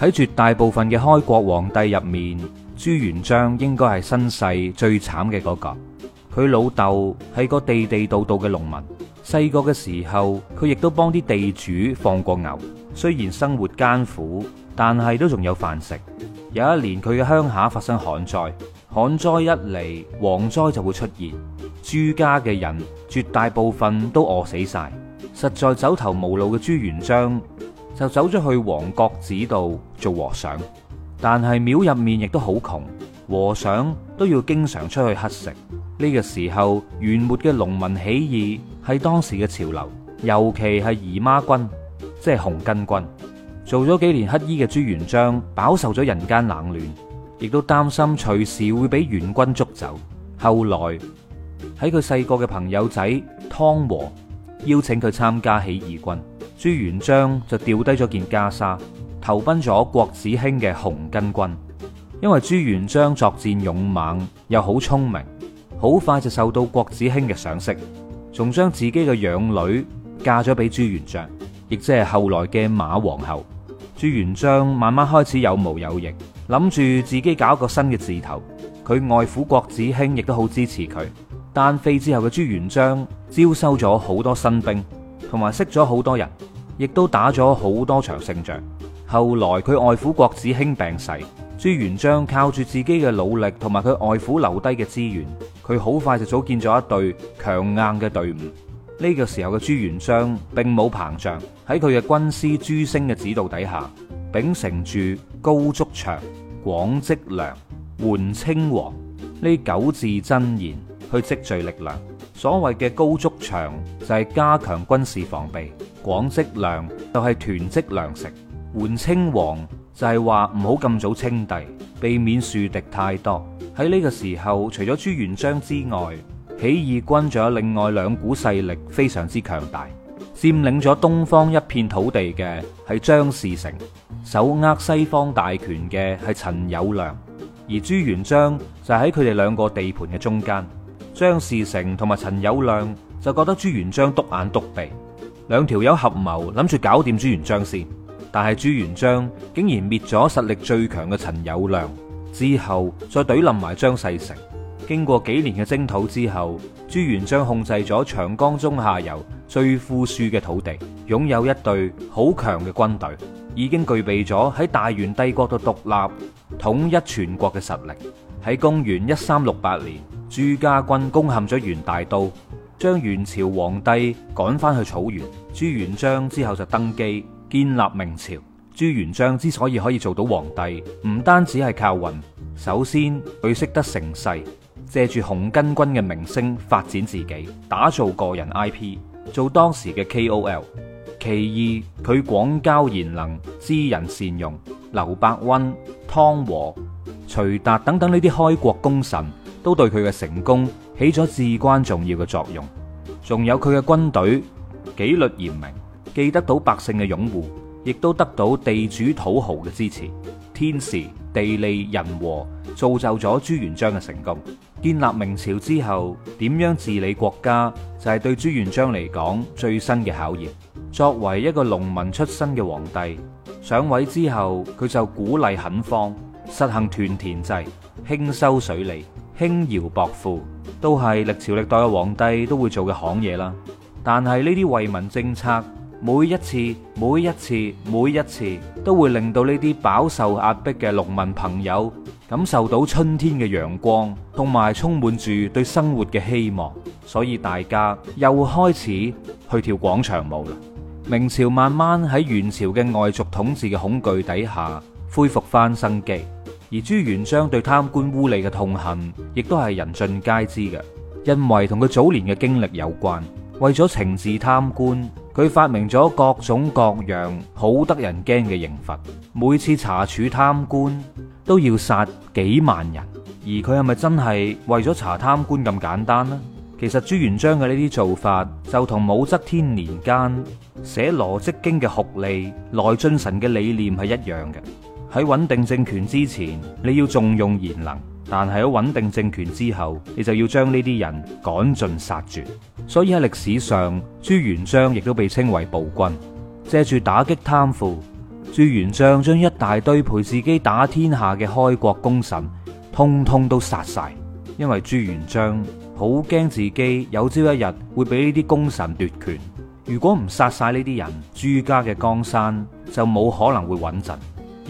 喺絕大部分嘅開國皇帝入面，朱元璋應該係身世最慘嘅嗰個。佢老豆係個地地道道嘅農民，細個嘅時候佢亦都幫啲地主放過牛。雖然生活艱苦，但係都仲有飯食。有一年佢嘅鄉下發生旱災，旱災一嚟，蝗災就會出現。朱家嘅人絕大部分都餓死晒。實在走投無路嘅朱元璋，就走咗去皇覺寺度做和尚，但係廟入面亦都好窮，和尚都要經常出去乞食。呢、這個時候，元末嘅農民起義係當時嘅潮流，尤其係姨媽軍，即係紅巾軍。做咗幾年乞衣嘅朱元璋，飽受咗人間冷暖，亦都擔心隨時會俾元軍捉走。後來喺佢細個嘅朋友仔湯和。邀請佢參加起義軍，朱元璋就掉低咗件袈裟，投奔咗郭子興嘅紅巾軍。因為朱元璋作戰勇猛，又好聰明，好快就受到郭子興嘅賞識，仲將自己嘅養女嫁咗俾朱元璋，亦即係後來嘅馬皇后。朱元璋慢慢開始有毛有翼，諗住自己搞一個新嘅字頭。佢外父郭子興亦都好支持佢，單飛之後嘅朱元璋招收咗好多新兵，同埋識咗好多人，亦都打咗好多場勝仗。後來佢外父郭子興病逝，朱元璋靠住自己嘅努力同埋佢外父留低嘅資源，佢好快就組建咗一隊強硬嘅隊伍。呢、這個時候嘅朱元璋並冇膨脹，喺佢嘅軍師朱升嘅指導底下，秉承住高築牆、廣積糧、緩稱王呢九字真言去積聚力量。所謂嘅高築牆就係加強軍事防備，廣積糧就係囤積糧食，緩稱王就係話唔好咁早稱帝，避免樹敵太多。喺呢個時候，除咗朱元璋之外，起義軍仲有另外兩股勢力非常之強大，佔領咗東方一片土地嘅係張士誠，手握西方大權嘅係陳友諒。而朱元璋就喺佢哋兩個地盤嘅中間。張士誠同埋陳友諒就覺得朱元璋篤眼篤鼻，兩條友合謀諗住搞掂朱元璋先。但係朱元璋竟然滅咗實力最強嘅陳友諒之後，再懟冧埋張士誠。經過幾年嘅征討之後，朱元璋控制咗長江中下游最富庶嘅土地，擁有一隊好強嘅軍隊，已經具備咗喺大元帝國度獨立統一全國嘅實力。喺公元一三六八年，朱家軍攻陷咗元大都，將元朝皇帝趕翻去草原。朱元璋之後就登基，建立明朝。朱元璋之所以可以做到皇帝，唔單止係靠運，首先佢識得乘勢，借住紅巾軍嘅名聲發展自己，打造個人 IP，做當時嘅 KOL。其二，佢廣交賢能，知人善用，劉伯溫、湯和、徐達等等呢啲開國功臣。都對佢嘅成功起咗至關重要嘅作用。仲有佢嘅軍隊紀律嚴明，既得到百姓嘅擁護，亦都得到地主土豪嘅支持。天時地利人和造就咗朱元璋嘅成功。建立明朝之後，點樣治理國家就係對朱元璋嚟講最新嘅考驗。作為一個農民出身嘅皇帝，上位之後佢就鼓勵墾荒，實行屯田制，興修水利。輕徭薄賦都係歷朝歷代嘅皇帝都會做嘅行嘢啦，但係呢啲惠民政策每一次每一次每一次都會令到呢啲飽受壓迫嘅農民朋友感受到春天嘅陽光，同埋充滿住對生活嘅希望，所以大家又開始去跳廣場舞啦。明朝慢慢喺元朝嘅外族統治嘅恐懼底下恢復翻生機。而朱元璋對貪官污吏嘅痛恨，亦都係人盡皆知嘅。因為同佢早年嘅經歷有關，為咗懲治貪官，佢發明咗各種各樣好得人驚嘅刑罰。每次查處貪官，都要殺幾萬人。而佢係咪真係為咗查貪官咁簡單呢？其實朱元璋嘅呢啲做法，就同武則天年間寫《羅織經學》嘅酷吏來俊臣嘅理念係一樣嘅。喺穩定政權之前，你要重用賢能；但係喺穩定政權之後，你就要將呢啲人趕盡殺絕。所以喺歷史上，朱元璋亦都被稱為暴君。借住打擊貪腐，朱元璋將一大堆陪自己打天下嘅開國功臣，通通都殺晒。因為朱元璋好驚自己有朝一日會俾呢啲功臣奪權。如果唔殺晒呢啲人，朱家嘅江山就冇可能會穩陣。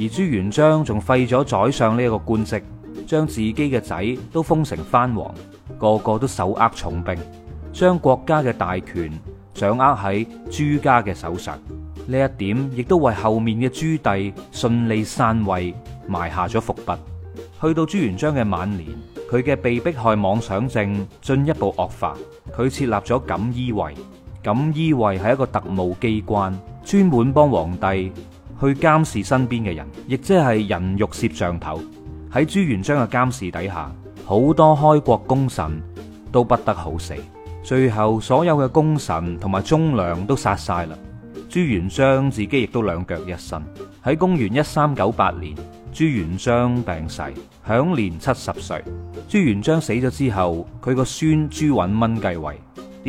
而朱元璋仲廢咗宰相呢一個官職，將自己嘅仔都封成藩王，個個都手握重兵，將國家嘅大權掌握喺朱家嘅手上。呢一點亦都為後面嘅朱棣順利篡位埋下咗伏筆。去到朱元璋嘅晚年，佢嘅被迫害妄想症進一步惡化，佢設立咗錦衣衛。錦衣衛係一個特務機關，專門幫皇帝，去監視身邊嘅人，亦即係人肉攝像頭。喺朱元璋嘅監視底下，好多開國功臣都不得好死。最後所有嘅功臣同埋忠良都殺晒啦。朱元璋自己亦都兩腳一伸。喺公元一三九八年，朱元璋病逝，享年七十歲。朱元璋死咗之後，佢個孫朱允炆繼位。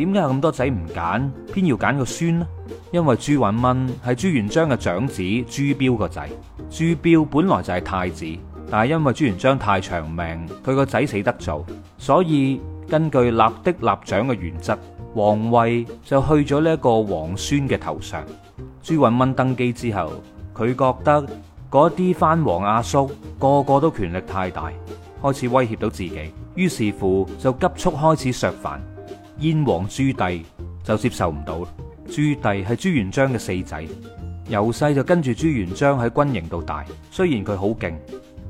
點解咁多仔唔揀，偏要揀個孫呢？因為朱允炆係朱元璋嘅長子，朱標個仔，朱標本來就係太子，但係因為朱元璋太長命，佢個仔死得早，所以根據立嫡立長嘅原則，皇位就去咗呢一個皇孫嘅頭上。朱允炆登基之後，佢覺得嗰啲藩王阿、啊、叔個個都權力太大，開始威脅到自己，於是乎就急速開始削藩。燕王朱棣就接受唔到，朱棣係朱元璋嘅四仔，由細就跟住朱元璋喺軍營度大，雖然佢好勁，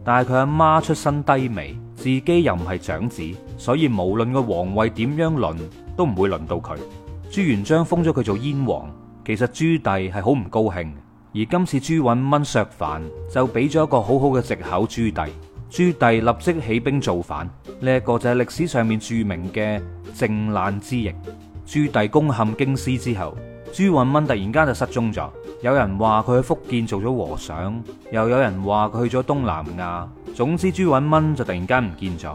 但係佢阿媽出身低微，自己又唔係長子，所以無論個皇位點樣輪，都唔會輪到佢。朱元璋封咗佢做燕王，其實朱棣係好唔高興，而今次朱允炆削藩，就俾咗一個好好嘅借口俾朱棣。朱棣立即起兵造反，呢、那、一個就係歷史上面著名嘅靖難之役。朱棣攻陷京師之後，朱允炆突然間就失蹤咗。有人話佢去福建做咗和尚，又有人話佢去咗東南亞。總之，朱允炆就突然間唔見咗。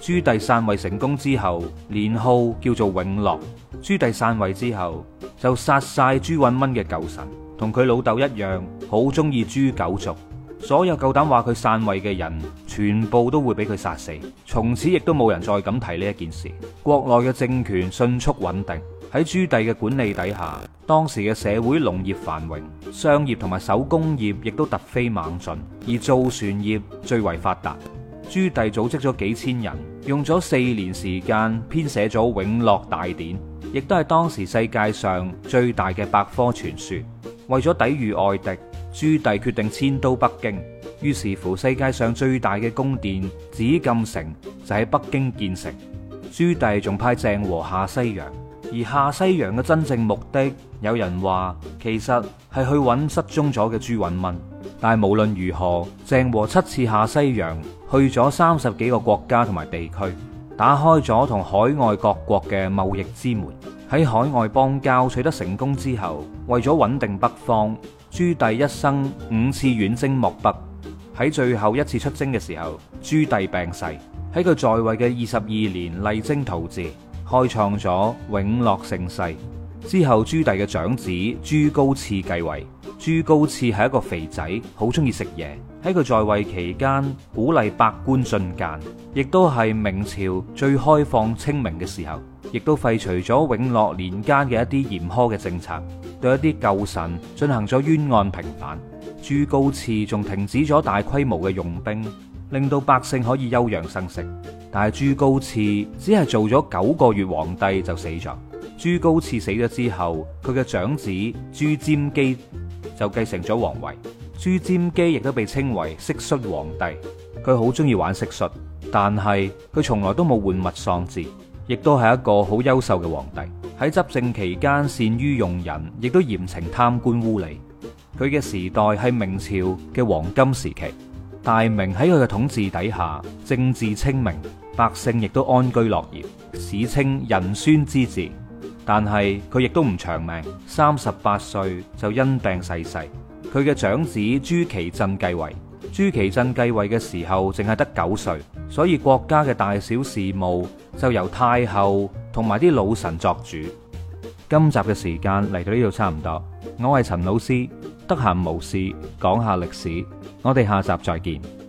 朱棣篡位成功之後，年號叫做永樂。朱棣篡位之後，就殺晒朱允炆嘅舊臣，同佢老豆一樣，好中意誅九族。所有夠膽話佢篡位嘅人，全部都會俾佢殺死。從此亦都冇人再敢提呢一件事。國內嘅政權迅速穩定。喺朱棣嘅管理底下，當時嘅社會農業繁榮，商業同埋手工業亦都突飛猛進，而造船業最為發達。朱棣組織咗幾千人，用咗四年時間編寫咗《永樂大典》，亦都係當時世界上最大嘅百科全書。為咗抵禦外敵。朱棣決定遷都北京，於是乎世界上最大嘅宮殿紫禁城就喺北京建成。朱棣仲派鄭和下西洋，而下西洋嘅真正目的，有人話其實係去揾失蹤咗嘅朱允炆。但係無論如何，鄭和七次下西洋，去咗三十幾個國家同埋地區，打開咗同海外各國嘅貿易之門。喺海外邦交取得成功之後，為咗穩定北方。朱棣一生五次遠征漠北，喺最後一次出征嘅時候，朱棣病逝。喺佢在位嘅二十二年勵精圖治，開創咗永樂盛世。之後，朱棣嘅長子朱高熾繼位。朱高熾係一個肥仔，好中意食嘢。喺佢在位期間，鼓勵百官進諫，亦都係明朝最開放清明嘅時候，亦都廢除咗永樂年間嘅一啲嚴苛嘅政策，對一啲舊臣進行咗冤案平反，朱高熾仲停止咗大規模嘅用兵，令到百姓可以休養生息。但係朱高熾只係做咗九個月皇帝就死咗。朱高熾死咗之後，佢嘅長子朱瞻基就繼承咗皇位。朱瞻基亦都被稱為蟋蟀皇帝，佢好中意玩蟋蟀，但係佢從來都冇玩物喪志。亦都係一個好優秀嘅皇帝，喺執政期間，善於用人，亦都嚴懲貪官污吏。佢嘅時代係明朝嘅黃金時期，大明喺佢嘅統治底下，政治清明，百姓亦都安居樂業，史稱仁宣之治。但係佢亦都唔長命，三十八歲就因病逝世、世。佢嘅長子朱祁鎮繼位，朱祁鎮繼位嘅時候淨係得九歲，所以國家嘅大小事務。就由太后同埋啲老臣作主。今集嘅時間嚟到呢度差唔多，我係陳老師，得閒無事講下歷史，我哋下集再見。